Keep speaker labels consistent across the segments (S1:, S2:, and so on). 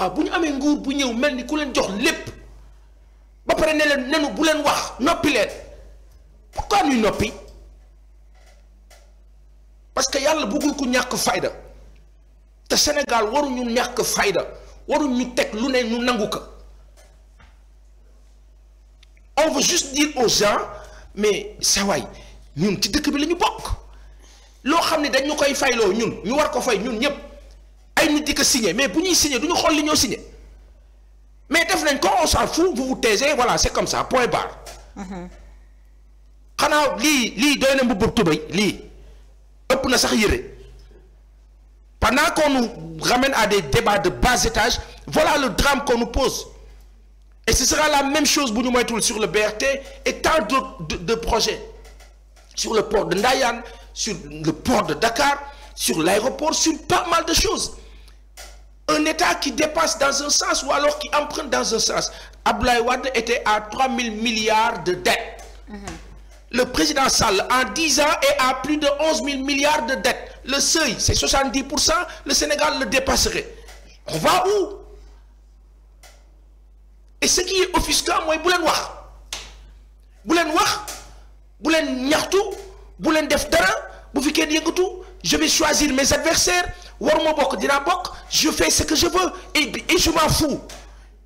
S1: waaw bu ñu amee nguur bu ñëw mel ni ku leen jox lépp ba pare ne leen nenu bu leen wax noppi leen pourquoi ñuy noppi parce que yàlla bëggul ku ñàkk fayda te Sénégal waruñu ñàkk fayda waruñu teg lu ne ñu nangu ko on veut juste dire aux gens mais sa ñun ci dëkk bi la ñu bokk loo xam ne dañu koy fayloo ñun ñu war ko fay ñun ñëpp. ay nit di ko signé mais bu ñuy signé du ñu xool li ñoo signé mais def nañ ko on s'en fout vous vous taisez voilà c'est comme ça point barre. Mhm. xanaa lii lii doy na mbubb tubéy lii ëpp na sax yére pendant qu'on nous ramène à des débats de bas étage voilà le drame qu'on nous pose et ce sera la même chose bu ñu moytuwul sur le BRT et tant de, de projets sur le port de Ndayane sur le port de Dakar sur l'aéroport sur pas mal de choses un État qui dépasse dans un sens ou alors qui emprunte dans un sens. Abdoulaye Wade était à milliards de dettes. Mm-hmm. Le président Sall, en 10 ans, et à plus de 11 000 milliards de dettes. Le seuil, c'est 70 le Sénégal le dépasserait. On va où Et ce qui est offusquant, mooy bu leen wax bu leen wax bu leen ñaxtu bu def dara bu fi kenn yëngatu je vais choisir mes adversaires waruma bokk dinaa bokk je fais ce que je veux et et je m'en fous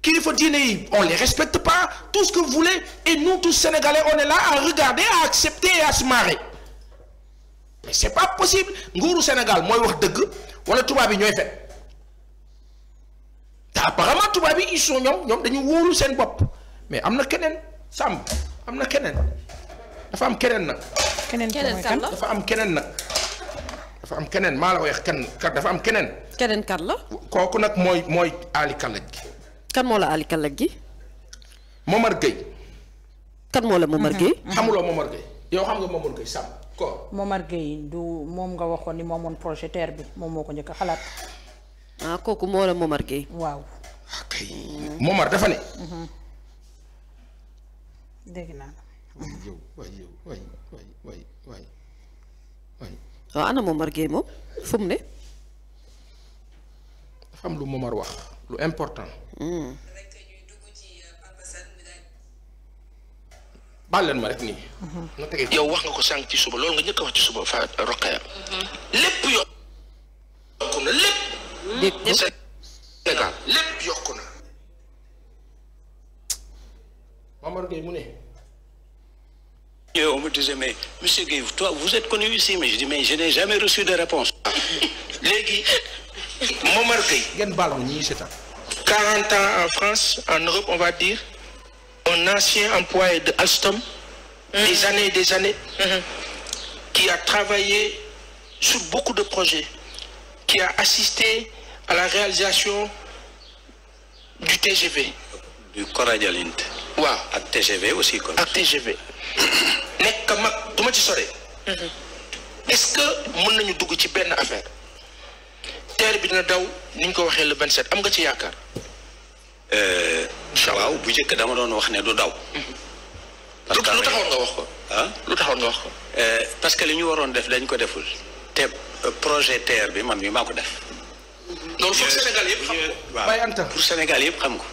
S1: kilifa diine yi on les respecte pas tout ce que vous voulez et nous tous sénégalais on est là à regarder à accepter et à se mais c'est pas possible nguuru Sénégal mooy wax dëgg wala tubaab yi ñooy fen te apparemment tubaab yi ils sont ñoom ñoom dañu wóolu seen bopp mais am na keneen sàmm am na keneen dafa am keneen nag.
S2: keneen dafa
S1: am keneen nag. dafa am keneen maa la wax kenn kar dafa am keneen. keneen kat la. kooku nag mooy mooy aali gi. kan moo la aali gi. Momar Gueye. kan moo la Momar mhm. Gueye. Mhm. xamuloo Momar Gueye yow xam nga Momar Gueye sàmm ko. Momar Gueye moom nga waxoon ni moomoon projet terre bi moom moo ko njëkk a ah, kooku moo la Momar waaw. kay Momar dafa ne.
S2: Mhm. dégg naa la.
S1: waay yow waay yow waaw
S2: ah, ana Momar Gueye moom fu ne.
S1: dafa am lu Momar wax lu important. Hmm. baal leen ma rek nii. Mhm. yow wax nga ko sànq ci suba loolu nga njëkk wax ci suba fa Roqaya. Mhm. lépp yokku na lépp. Hmm, dégg nga
S2: lépp yokku na.
S1: Momar Gueye mu ne.
S2: Et on me disait, mais monsieur Gueye, toi, vous êtes connu ici, mais je n'ai jamais reçu de réponse. léegi
S1: Momar Gueye. ans en France, en Europe, on va dire, un ancien employé de Alstom, mm. des années et des années, mm-hmm. qui a travaillé sur beaucoup de projets, qui a assisté à la réalisation du TGV. Du Coradialinte. waaw ak TGV aussi kon. TGV. nekk mag du ma ci sore mhm. est-ce que mën nañu dugg ci benn affaire teer bi dina daw niñ ko waxee le 27 am nga ci yaakaar.
S2: Euh, waaw bu njëkk dama doon wax ne du daw. que lu taxoon nga wax ko. ah lu taxoon nga wax ko. parce que li ñu waroon def lañ ko deful. te euh, projet terre bi man mi maa ko def. loolu pour Sénégal yëpp xam ko. waaw pour Sénégal yëpp xam ko.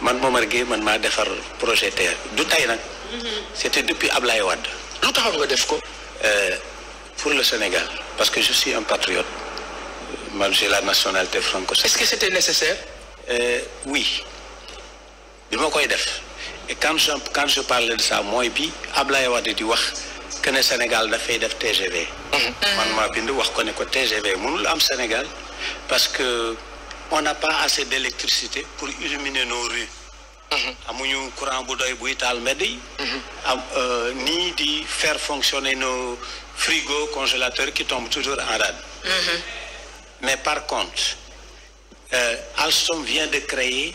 S2: man Momar Gueye man maa defar projet TER du tey nag. Mhm. c'était depuis Ablaye Wade. lu taxoon nga def ko. Euh, pour le Sénégal parce que je suis un patriote. man j'ai la nationalité franco-sénégalaise. est-ce
S1: que c'était nécessaire.
S2: Euh, oui bi ma koy def et quand je quand de ça mooy bi Ablaye Wade di wax que Sénégal dafay def TGV. Mhm. man maa bind wax ko ne ko TGV mënul am Sénégal parce que. on n'a pas assez d'électricité pour illuminer nos rues. Mm-hmm. amuñu courant bu doy buy taal mbedd yi. Mm-hmm. am euh, nii di faire fonctionner nos frigos congélateurs qui tombent toujours en rade. Mm-hmm. mais par contre euh, Alstom vient de créer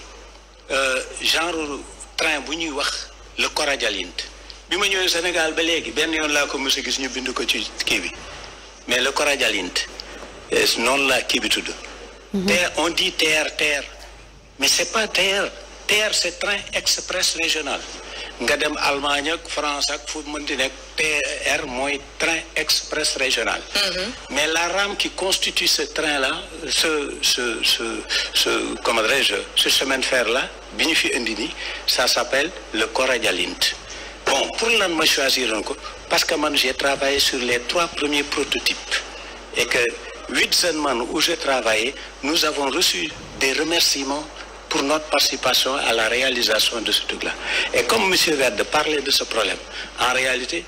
S2: euh, genre train bu ñuy wax la Coradialinte bi ma ñëwee Sénégal ba léegi benn yoon laa ko mos ñu bind ko ci kii bi mais le Coradialinte noonu laa kii bi tudd. Mhm. Terre, on dit TER, TER. Mais c'est pas TER. TER, c'est train express régional. nga dem Allemagne ak France ak fu mën di nekk TER mooy train express régional. Mhm. mais la rame qui constitue ce train là ce ce ce ce comment dirais-je là bi ñu fi indi nii ça s'appelle le Coradialint. bon pour lan ma choisiroon ko parce que man j'ai travaillé sur les trois premiers prototypes et que. huit semaines où j'ai travaillé, nous avons reçu des remerciements pour notre participation à la réalisation de ce truc-là. Et comme M. Verde parlait de ce problème, en réalité,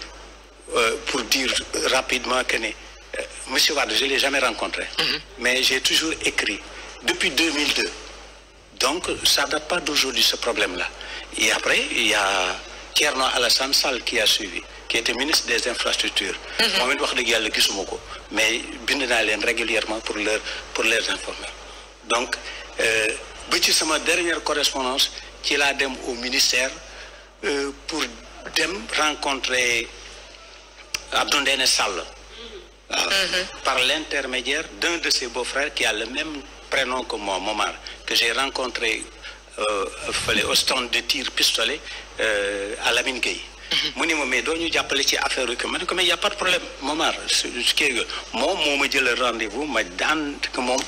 S2: euh, pour dire rapidement que euh, M. Verde, je l'ai jamais rencontré, mhm. mais j'ai toujours écrit depuis 2002. Donc, ça ne date ce problème-là. Et après, il y a Tierno Alassane Sall qui a suivi. qui ministre des infrastructures mhm. moom it wax dëgg yàlla gisuma ko mais bind régulièrement pour leur pour les informer donc euh, ba ci sama dernière correspondance ci laa dem au ministère euh, pour dem rencontrer Abdou Ndéné Sall mhm. Ah, mhm. par l'intermédiaire d'un de ses beaux-frères qui a le même prénom que moi que j'ai rencontré euh, fële au de tir pistolet à Lamine Gueye mu ni ma mais doo ñu jàppale ci affaire que ma ne ko mais y' a pas de problème Momar su kii nga moom moo ma jëlal rendez-vous ma daan moom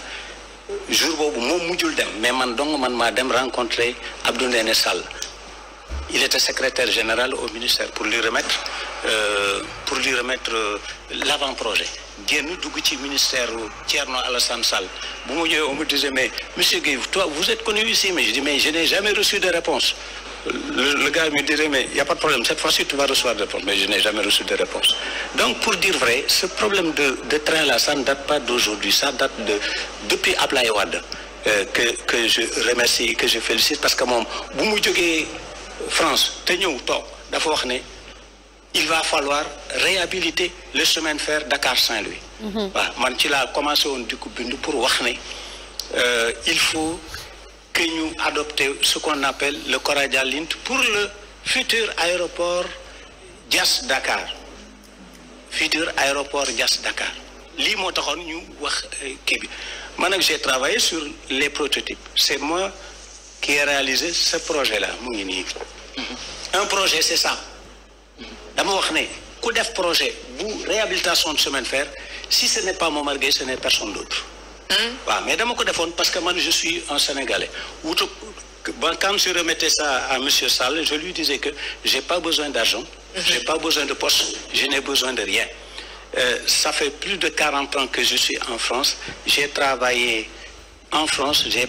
S2: jour boobu moom mujjul dem mais man dong man maa dem rencontrer Abdou Ndéné Sall il était secrétaire général au ministère pour lui remettre euh, pour lui remettre euh, l'avant-projet génn dugg ci ministère Thierno Alassane Sall bu ma ñëwee on me disait mais monsieur Guèye toi vous êtes connu ici je dis mais je n'ai jamais reçu de réponse le, le, gars me dirait, mais il n'y a pas de problème, cette fois-ci tu vas recevoir des réponses. Mais je n'ai jamais reçu de réponse. Donc pour dire vrai, ce problème de, train-là, ça ne date pas d'aujourd'hui, ça date de, depuis Ablaïwad, euh, que, que, je remercie, que je félicite, parce que mon Boumoudjogé France, il va falloir réhabiliter le chemin de fer Dakar-Saint-Louis. Mm -hmm. voilà, il faut que ñu adopté ce qu'on appelle le Coradialint pour le futur aéroport jas Dakar futur aéroport jas Dakar lii moo taxoon ñu wax euh, kii bi man nag j'ai travaillé sur les prototypes c'est moi qui ai réalisé ce projet là mu ngi nii mm-hmm. un projet c'est ça mm-hmm. dama wax ne ku def projet bu réhabilitation de chemin de fer si ce n'est pas Momar Gueye ce n'est personne d'autre Hmm? waaw mais dama ko defoon parce que man je suis un Sénégalais wutu bon quand je remettais ça à monsieur Sall je lui disais que hmm. euh, plus de quarante ans que je suis en France j'ai travaillé en France j'ai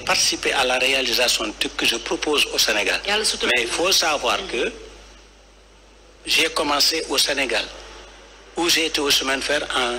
S2: à la réalisation de ce au Sénégal mais il faut savoir hmm. commencé au Sénégal où j'ai été au chemin de fer en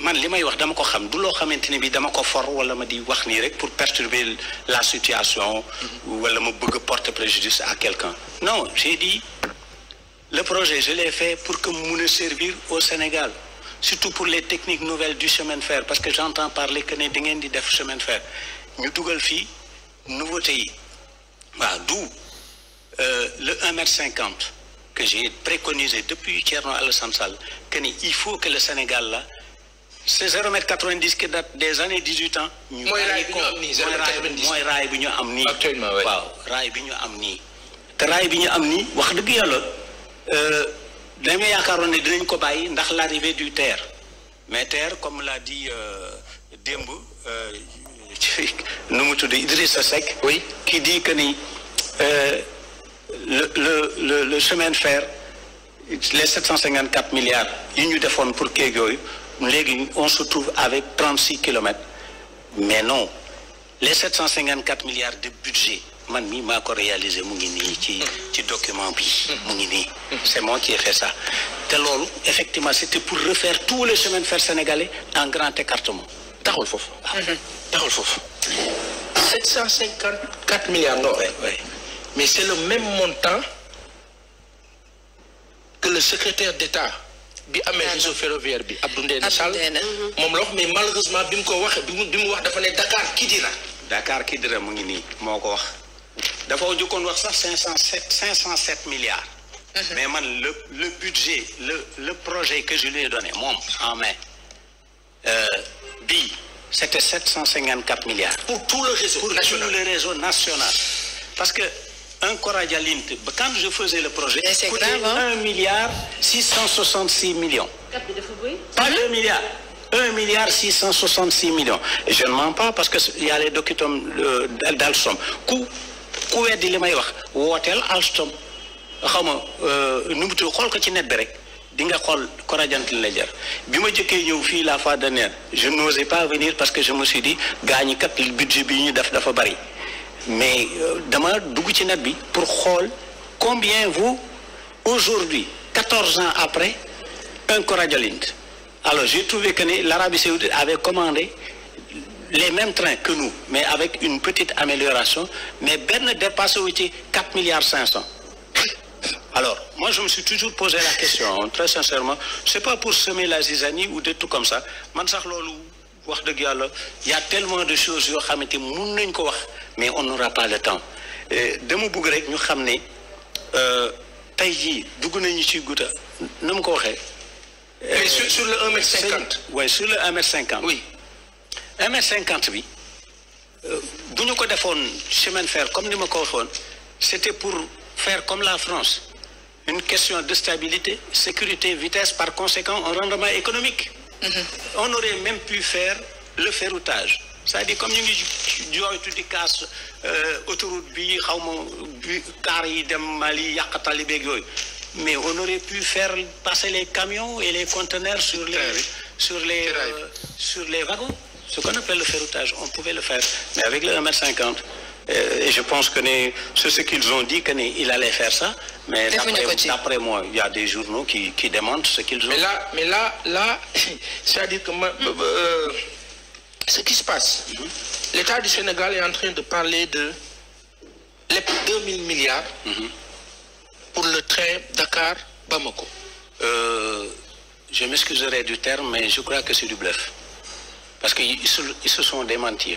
S2: man li may wax dama ko xam du loo xamante ne bi dama ko for wala ma di wax ni rek pour perturber la situation wala ma bëgg a porter préjudice à quelqu'un non j'ai dit le projet je l'ai fait pour que mu mun a servir au Sénégal surtout pour les techniques nouvelles du chemin de fer parce que j'entends parler que ne da ngeen di def chemin de fer ñu dugal fii nouveauté yi waaw d'où euh, le un mètre cinquante que j'ai préconisé depuis Thierno Alassane Sall que ni il faut que Sénégal là c'est zéro mètre quatre-vingt-dix qui date des années dix-huit ans. mooy raay bi ñu am nii zéro mooy raay bi ñu am nii. actuellement waaw raay bi ñu am nii. te raay bi ñu am nii wax dëgg yàlla euh, dama yaakaaroon ne dinañ ko bàyyi ndax l'arrivée du TER mais TER comme l'a dit euh, démb ci euh, nu mu tudd Idrissa Seck. oui qui dit que ni le le le le chemin de les sept cent cinquante-quatre milliards yi ñu defoon pour kéeg yooyu. léegi on se trouve avec 36 kilomètres mais non les 754 milliards de budget man mii maa ko mu ngi nii ci ci document bi mu ngi nii c'est moi te loolu effectivement c'était pour refaire tous les chemins de fer sénégalais en grand taxul foofu mhm. taxul foofu
S1: 754 mais c'est le même montant que le bi amee réseau ferroviaire bi Abdou Ndéné Sall moom la wax mais malheureusement
S2: bi mu ko waxee bi mu bi mu wax dafa ne Dakar Kidira Dakar Kidira mu ngi nii moo ko wax dafa jëkkoon wax sax cinq cent cinq cent sept milliards mhm. mais man le le budget le le projet que je lui ai donné moom en mai euh, bi c'était sept cent cinquante quatre milliards pour tout le réseau national le réseau national parce que encore à Jalint, quand je faisais le projet, coûtait 1 milliard 666 millions. Pas 2 milliards. 1 milliard 666 millions. Et je ne mens pas parce qu'il y a les documents euh, d'Alstom. Coût, coût est de Hôtel Alstom. Euh, Nous devons xool ko ci n'es rek di nga xool Coradiantine la jar bi ma jëkkee ñëw fii la fois dernière je n'osais pas venir parce que je me suis dit gaañi kat budget bi ñu def dafa bari mais euh, dama dugg ci net bi pour xool combien vous aujourd'hui quatorze ans après un Coradiolite alors j'ai trouvé que ni l'Arabie Saoudite avait commandé les mêmes trains que nous mais avec une petite amélioration mais benn dépassé wu ci quatre milliards cinq cent alors moi je me suis toujours posé la question très sincèrement c'est pas pour semer la zizanie ou des trucs comme ça man sax wax dëgg yàlla y tellement de choses yoo xamante mun nañ ko wax mais on n'aura pas le temps euh, dama bugg rek ñu xam ne euh, tey jii dugg nañu ci gudda na mu ko waxee. Euh, mais sur sur le 1 sur le 1 mètre 50. oui 1 mètre 50 bi bu ñu ko defoon chemin de comme ni ma ko waxoon c'était pour faire comme la France une question de stabilité sécurité vitesse par conséquent un rendement économique. Mm-hmm. on aurait même pu faire le ferroutage c'est-à-dire comme ñu ngi jooytu di kaas euh, autoroute bi xaw ma bi kaar dem Mali yàq tali yooyu mais on aurait pu faire passer les camions et les conteneurs sur les sur les euh, sur les wagons ce qu'on appelle le ferroutage on pouvait le faire mais avec le 1 mètre Euh, et je pense que ne c'est ce qu'ils ont dit que ne il allait faire ça. mais d'après moi il y a des journaux qui qui démontrent ce qu'ils ont. mais là
S1: mais là là c'est-à-dire que ma, euh, euh, ce qui se passe. Mhm. l'État du Sénégal est en train de parler de
S2: les deux mille milliards. Mhm. pour le train Dakar Bamako. Euh, je m'excuserai du terme mais je crois que c'est du bluff parce que ils se, ils sont démentis.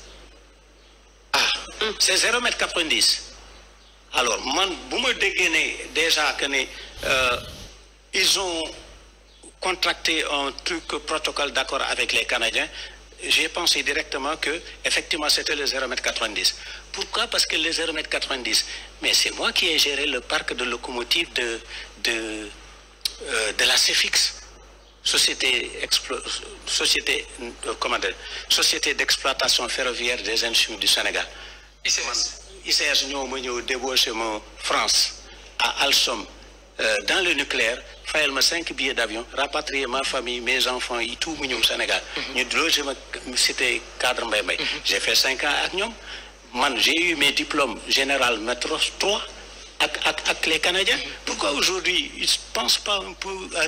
S2: ah c'est zéro mètre quatre alors man bu ma déggee ne déjà que ne euh, ils ont contracté un truc protocole d'accord avec les Canadiens j'ai pensé directement que effectivement c'était le zéro mètre quatre vingt que le zéro mètre mais c'est moi qui ai géré le parc de de de euh, la CEFIX société explo société euh, comment dire société d'exploitation ferroviaire des industries du Sénégal. ICS ICS ñoo ma ñëw débauché ma France à Alstom euh, dans le nucléaire fayal ma cinq billets d'avion rapatrier ma famille mes enfants yi tout mu ñëw Sénégal. Mhm. ñu logé ma cité cadre Mbaye Mbaye. Mhm. j'ai fait cinq ans ak ñoom man j'ai eu mes diplômes général maître trois. avec, avec, avec les Canadiens. Pourquoi aujourd'hui ils ne pensent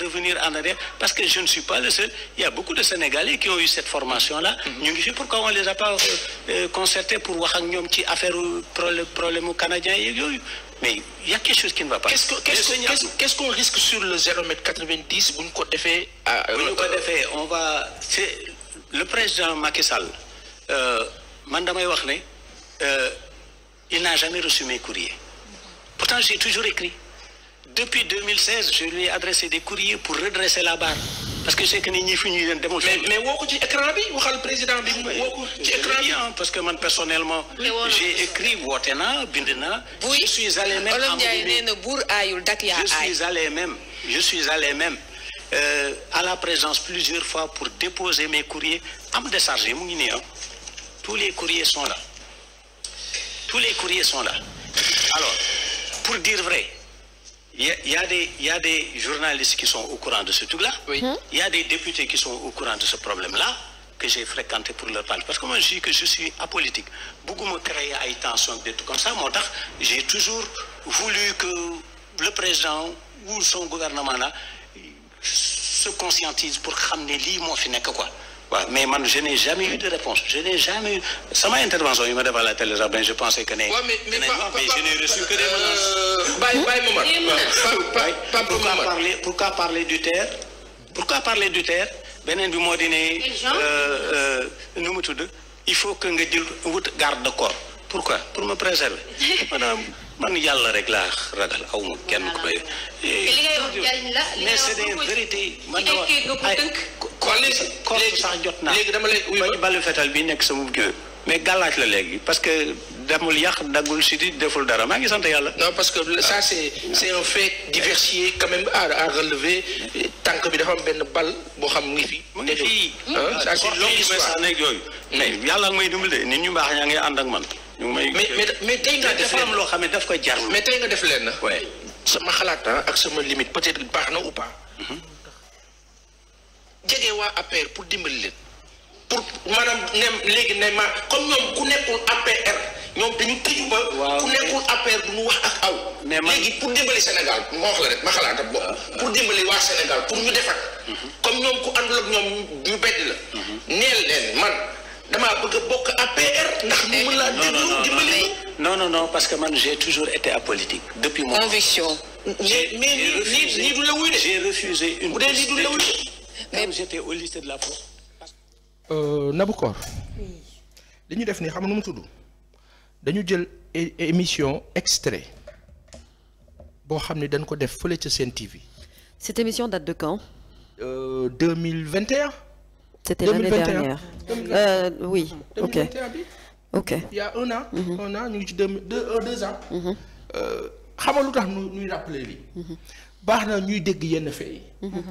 S2: revenir en Parce que je ne suis pas le seul. y a beaucoup de Sénégalais qui ont eu cette formation-là. Mm -hmm. Pourquoi on ne les a pas euh, euh concertés pour voir affaire problème, problème aux Canadiens mais il y a quelque chose qui ne va pas. Qu'est-ce qu'on qu
S1: qu qu risque sur le
S2: 0,90 euh, Vous Le président Macky Sall, euh, euh, il n'a jamais reçu mes courriers. Pourtant, j'ai toujours écrit. Depuis 2016, je lui ai adressé des courriers pour redresser la barre. parce que c'est que nit ñi fi ñuy mais mais ci écran parce que man personnellement. j'ai écrit woote naa bind naa. je suis allé même Olof Ndiaye na
S1: buur aayul
S2: même je suis même euh, à la présence plusieurs fois pour déposer mes courriers am déchargé mu ngi nii ah. tous les courriers sont là tous les courriers sont là pour dire vrai, il y, a des, y des journalistes qui sont au courant de ce truc-là. Il hmm? y a des députés qui sont au courant de ce problème-là que j'ai fréquenté pour leur parler. Parce que moi, je dis que je suis apolitique. Beaucoup me créé à tension, des trucs comme ça. Moi, j'ai toujours voulu que le président ou son gouvernement-là se conscientise pour ramener l'île, moi, quoi. waaw mais man je n'ai jamais eu de réponse je n'ai jamais eu sama intervention yi ma def à la télé je pensais que ne. waaw mais mais je n'ai reçu pourquoi parler du terre pourquoi parler du terre beneen bi moo di ne. Euh, euh, nu mu tudd il faut que nga jël wut garde corps pourquoi pour me préserver madame. man yàlla rek laa ragal aw ma kenn ku may. li ngay wax jariñ la li sax jot naa léegi dama lay wuyu balu fetal bi nekk sama jiw mais gàllaaj la léegi parce que demul yàq daggul di deful dara maa ngi sant yàlla. non parce que ça c' est ah. c' est un fait diversifié quand même à à
S1: relever tànk bi dafa am benn bal boo xam ngi fi. mu ngi fii ah ça c' est longue histoire
S2: mais yàlla may dimbali de nit ñu mbaax ñaa ngi ànd ak man. ñu may mais tey nga def am loo xam ne daf ko jar. Mm. mais tey nga def leen na. sama xalaat ah, ak sama limite peut-être baax na
S1: ou pas. Mm-hmm. jege waa APR pour dimbali leen. pour maanaam ne léegi ne ma comme ñoom ku nekkul APR ñoom dañu tëju ba. ku nekkul APR du ñu wax ak aw. mais léegi pour dimbali Sénégal ma wax la rek ma xalaat bo ah. pour dimbali waa Sénégal pour ñu defar. Mm-hmm. comme ñoom ku àndul ak ñoom ñu bedd la. Mm-hmm. neel leen
S2: man. damaa bëgg a bokk APR ndax mu mën laa eh, déglu dimbali non non non parce que man j'ai toujours été apolitique depuis mon conviction mais mais nii nii du la wuy de j'ai refusé une bu dee nii du la wuy de mais j'étais au lycée de la Fo euh,
S1: Naboucor li ñu def nii xam nu mu tudd dañu jël émission extrait boo xam ne dañ ko def fële ca seen TV cette émission date de quand 2021 euh, C'était l'année dernière. Euh, mhm. ñu ngi ci deux deux ans. Mhm. Euh, xam nga lu tax ñu ñuy rappeler lii. Mhm. baax na ñuy dégg yenn fee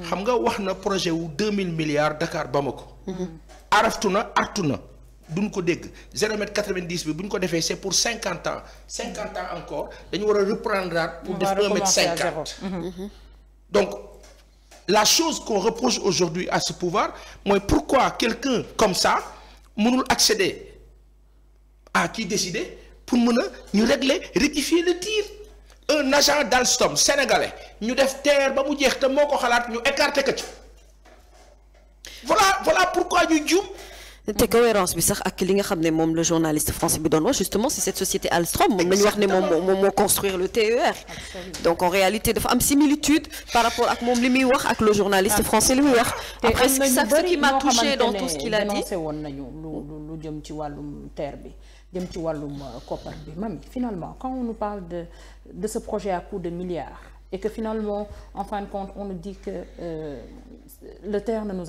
S1: xam nga wax na projet wu deux mille milliards Dakar Bamako. araftu na artu na duñ ko dégg zéro mètre quatre vingt dix bi bu ko defee c' est pour cinquante ans cinquante ans dañu war a reprendre pour def un cinquante donc. la chose qu'on reproche aujourd'hui à ce pouvoir mooy pourquoi quelqu'un comme ça mënul accéder à qui décider pour mën a ñu régler rectifier le tir un agent d'Alstom sénégalais ñu def terre ba mu jeex te moo ko xalaat ñu écarté ko ci voilà voilà pourquoi ñu juum te cohérence bi sax ak li nga xam ne moom le journaliste français bi doon wax justement c'est cette société Alstom moom la ñu wax ne moom moom moo construire le TER donc en réalité dafa am similitude par rapport ak moom li muy wax ak le journaliste ah. français li muy wax après ça ce qui m'a touché dans tout ce qu'il a dit woon nañu lu lu jëm ci wàllum TER bi jëm ci wàllum euh, koppar bi mami finalement quand on nous parle de ce projet à coût de milliards et que finalement en fin de compte on nous dit que euh, le TER ne nous